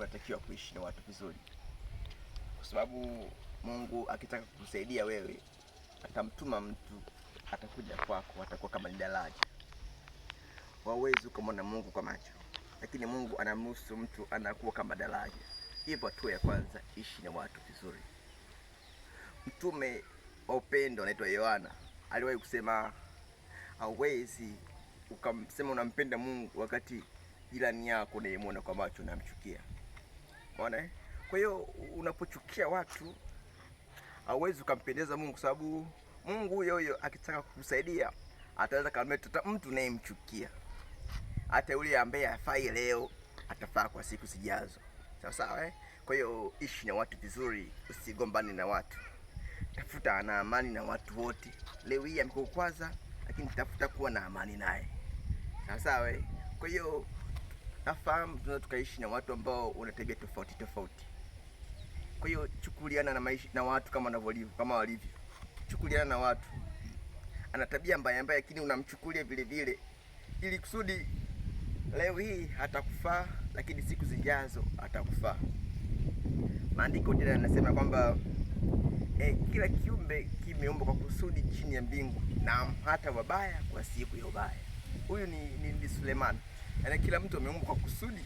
unatakiwa kuishi na watu vizuri, kwa sababu Mungu akitaka kukusaidia wewe atamtuma mtu, atakuja kwako, atakuwa kama daraja. Wawezi ukamwona Mungu kwa macho, lakini Mungu anamruhusu mtu anakuwa kama daraja. Hivyo hatua ya kwanza, ishi na watu vizuri. Mtume wa upendo anaitwa Yohana aliwahi kusema, hawezi ukamsema unampenda Mungu wakati jirani yako unayemwona kwa macho unamchukia. Unaona? Kwa hiyo unapochukia watu hauwezi ukampendeza Mungu kwa sababu Mungu huyo huyo akitaka kukusaidia ataweza kamleta mtu unayemchukia. Hata yule ambaye afai leo atafaa kwa siku zijazo. Sawa sawa eh? Kwa hiyo ishi na watu vizuri, usigombane na watu. Tafuta na amani na watu wote. Leo hii amekukwaza, lakini tafuta kuwa na amani naye. Sawa sawa eh? Kwa hiyo nafahamu tunaweza tukaishi na watu ambao wana tabia tofauti tofauti. Kwa hiyo chukuliana na maisha na watu kama wanavyolivyo, kama walivyo, chukuliana na watu. Ana tabia mbaya mbaya, lakini unamchukulia vile vile, ili kusudi leo hii hatakufaa, lakini siku zijazo atakufaa. Maandiko tena yanasema kwamba eh, kila kiumbe kimeumbwa kwa kusudi chini ya mbingu, na hata wabaya kwa siku ya ubaya. Huyu ni, ni, ni Sulemani Yaani kila mtu ameumbwa kwa kusudi,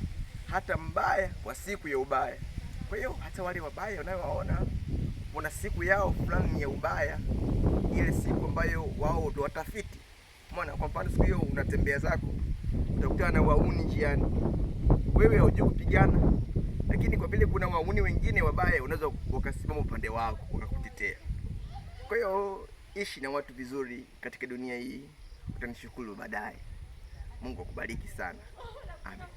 hata mbaya kwa siku ya ubaya. Kwa hiyo hata wale wabaya unayowaona kuna siku yao fulani ya ubaya, ile siku ambayo wao ndo watafiti. Umeona, kwa mfano siku hiyo unatembea zako utakutana na wauni njiani, wewe haujui kupigana, lakini kwa vile kuna wauni wengine wabaya, unaweza wakasimama upande wako wakakutetea. Kwa hiyo ishi na watu vizuri katika dunia hii, utanishukuru baadaye. Mungu akubariki sana. Amen.